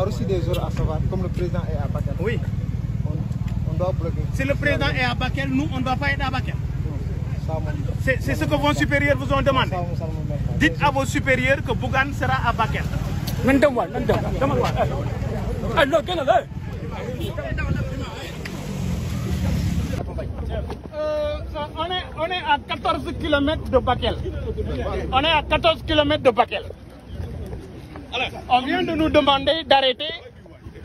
a reçu des ordres à le président est à Bakel. Oui. On, on doit bloquer. Si le président est à Bakel, nous, on ne doit à Bakel. C'est ce que vos supérieurs vous ont demandé. Dites à vos supérieurs que Bougane sera à Bakel. Ah, euh, on, est, on est à 14 km de Bakel. On est à 14 de Bakel. On vient de nous demander d'arrêter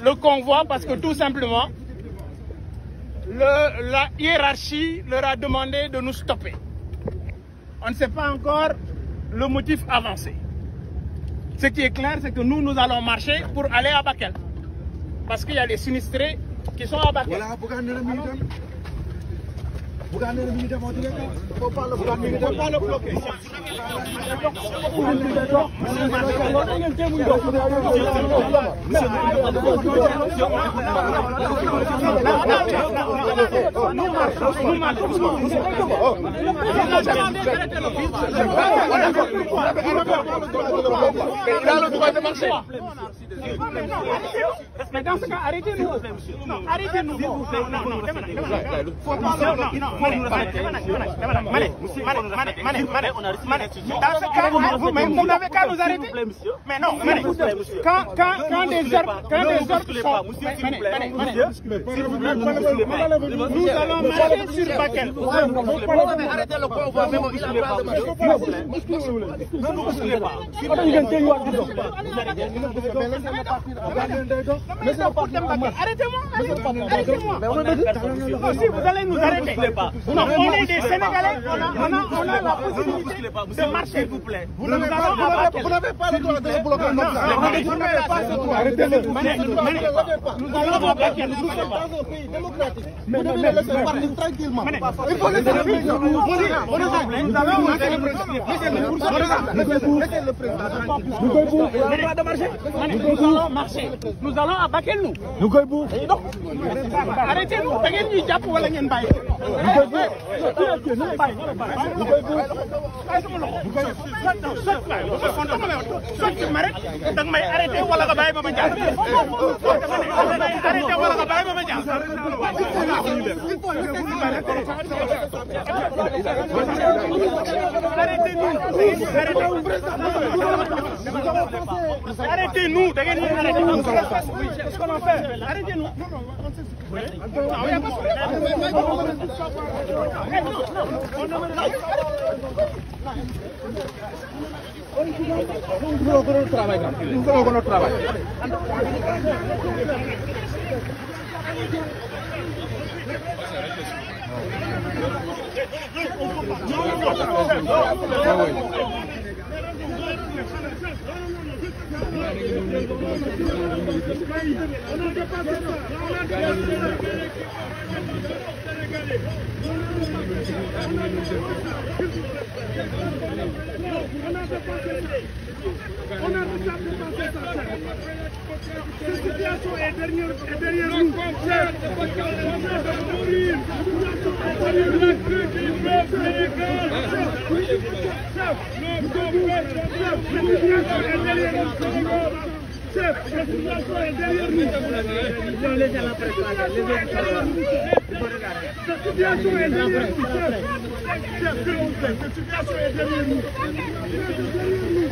le convoi parce que tout simplement, le, la hiérarchie leur a demandé de nous stopper. On ne sait pas encore le motif avancé. Ce qui est clair, c'est que nous, nous allons marcher pour aller à Bakel. Parce qu'il y a les sinistrés qui sont à Bakel. Voilà, Bougane mi ngi demoo di lekk Fapal Bougane mi ngi dem Fapal bloqué. Nous marchons, nous marchons. Non, mais non, arrêtez-nous. Mais dans ce cas, arrêtez-nous. Non, arrêtez-nous. S'il vous plaît, non, non, faut pas Dans ce cas, vous n'avez qu'à nous arrêter. Mais non, quand, quand, quand des heures, quand des heures sont... Nous allons marcher sur Bakel. Arrêtez le convoi, même il a pas de Ne nous bousculez pas. damay dox damay dox pour dem Mbacké arrêtez-moi arrêtez-moi non si vous allez nous arrêter non on est des Sénégalais on a on a on a la possibilité de marcher s'il vous plaît vous n'avez pas le droit de bloquer notre place arrêtez-le nous allons à Mbacké nous sommes dans un pays démocratique vous devez laisser parler tranquillement il faut laisser le président laissez le président allons marcher nous allons à Bakel ñu koy buuf arrêtez nous da ngeen ñuy jàpp wala ngeen bàyyi ñu koy buuf da nga may arrêté wala nga bàyyi ba ma jàll arrêté wala nga bàyyi ba ma jàll arrêté nous arrêté Arrêtez-nous, Qu'est-ce qu'on en fait Arrêtez-nous. No, no, no, Cette situation est derrière, est derrière nous. Cette situation est Chef, la situation est derrière nous. La situation est derrière nous. Chef, que l'on fait, la situation est derrière nous.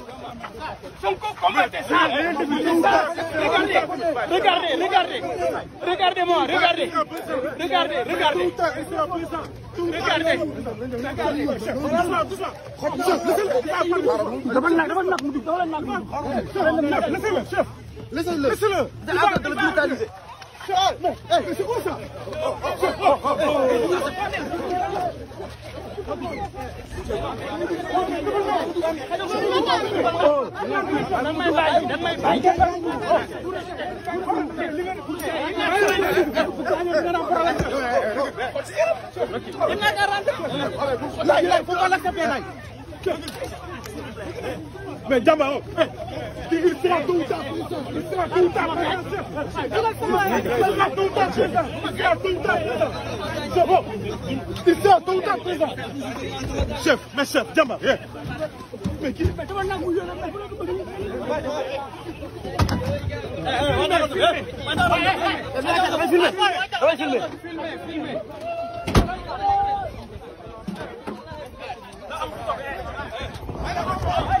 Sonko comment descendre Regardez, regardez, regardez-moi, regardez, regardez, regardez. Regardez, regardez. Laissez-le, laissez-le. brutaliser. Mais c'est quoi ça Mais Jamba, oh, eh. il sera tout le temps président. Il sera tout le temps président. Il sera tout le temps président. Il sera tout le temps président. C'est bon. Il sera tout le temps président. Chef, mais chef, Jamba, viens. mais kii mais dama nangu yoonam mais dama bëgg a.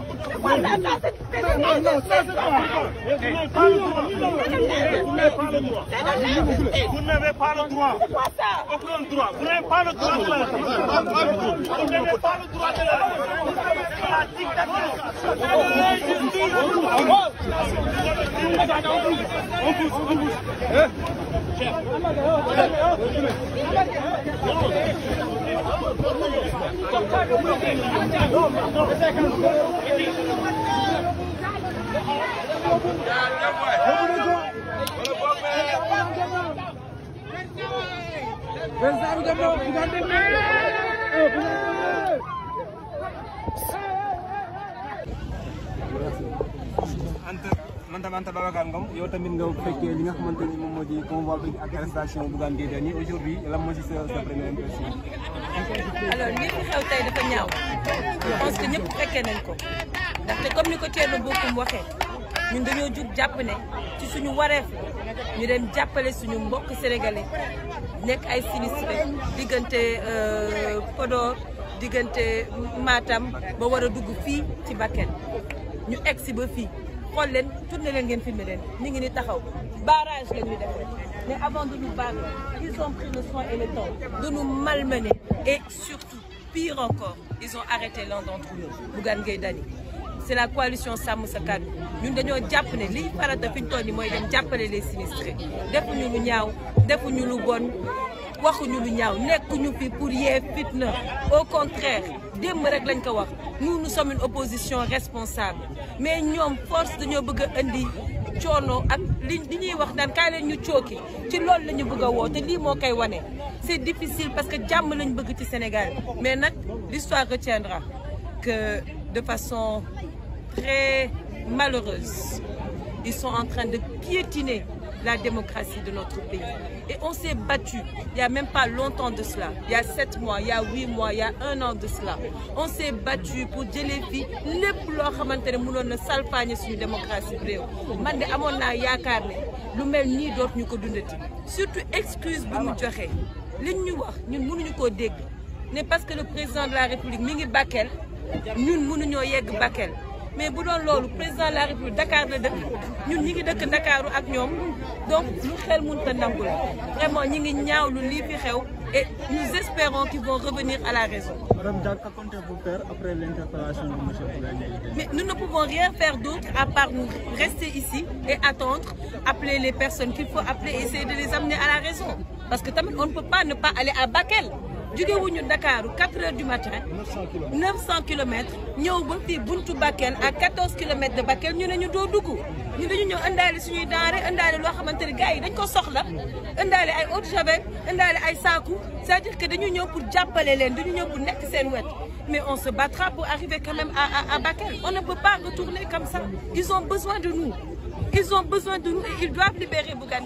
Vous n'avez pas le droit. Aucun droit. Vous n'avez pas le droit de la Vous n'avez pas le droit de la dictature. On pousse, on pousse. Benzaru Jambon, Benzaru Jambon, Benzaru Jambon, man tam ba Babacar Ngom yow tamit nga fekkee li nga xamante ni moom moo di convoi bi ak arrestation Bougane Gueye Dany aujourd'hui lan moo sa sa première impression. alors fekkee nañ ko ndaxte ni ko Thierno Bocoum waxee ñun dañoo jug jàpp ci suñu wareef ñu dem jàppale suñu mbokk sénégalais nekk ay sinistré diggante euh, Podor diggante Matam ba war a dugg fii ci Bakel ñu egg si ba fii. xool leen tourné leen ngeen filmé leen ñu ngi ni taxaw barrage la ñuy def mais avant de nous barrer ils ont pris le soin et le temps de nous malmener et surtout pire encore ils ont arrêté l'un d'entre nous Bougane Gueye Dany c'est la coalition sàmm sa kan ñun dañoo jàpp ne liy farata fi ñu toll mooy dem jàppale les sinistrés defuñu lu ñaaw defuñu lu bon waxuñu lu ñaaw nekkuñu fi pour yee fitna au contraire démb rek lañ ko wax nous nous sommes une opposition responsable mais ñoom force dañoo bëgg a indi coono ak li li ñuy wax naan kaay leen ñu cooki ci loolu la ñu bëgg a woo te lii moo koy wane c'est difficile parce que jàmm lañ bëgg ci Sénégal mais nag l'histoire retiendra que de façon très malheureuse ils sont en train de piétiner la démocratie de notre pays. Et on s'est battu, il n'y a même pas longtemps de cela, il y a sept mois, il huit mois, il y a un an de cela. On s'est battu pour jëlee fi lépp loo xamante ne mënoon na salfaañe suñu démocratie bu réew man de amoon naa yaakaar ne lu mel nii doot ñu ko dundati surtout excuse bi mu joxe liñ ñu wax ñun ñu koo dégg ne parce que le président de la république mi ngi Bakel ñun ñoo yegg Bakel. mais bu doon loolu président la république Dakar la dëkk ñun ñi ngi dëkk Ndakaaru ak ñoom donc lu xel mënut a nangu la vraiment ñi ngi ñaawlu lii fi xew et nous espérons qu'ils vont revenir à la raison. Madame Diack, que nous pouvons rien faire d'autre à part nous rester ici et attendre, appeler les personnes qu'il faut appeler, essayer de les amener à la raison. Parce que on ne peut pas ne pas aller à Bakel. jóge wuñu Dakar 4 heures du matin. 900 kilomètres 900 kilomètres ñëw ba fii Buntu Bakel à 14 kilomètres de Bakel ñu ne ñu doo dugg. ñu dañu ñëw indaale suñuy denré indaale loo xamante ni dañ ko soxla indaale ay eau de javel indaale ay saaku cest dire que dañu ñëw pour jàppale leen dañu ñëw pour nekk seen wet mais on se battra pour arriver quand même à à à on ne peut pas retourner comme ça ils ont besoin de nous. ils ont besoin de nous et ils doivent libérer Bougane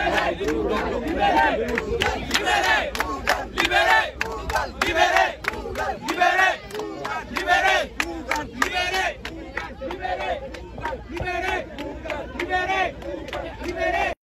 libérez, libérez, libérez, libérez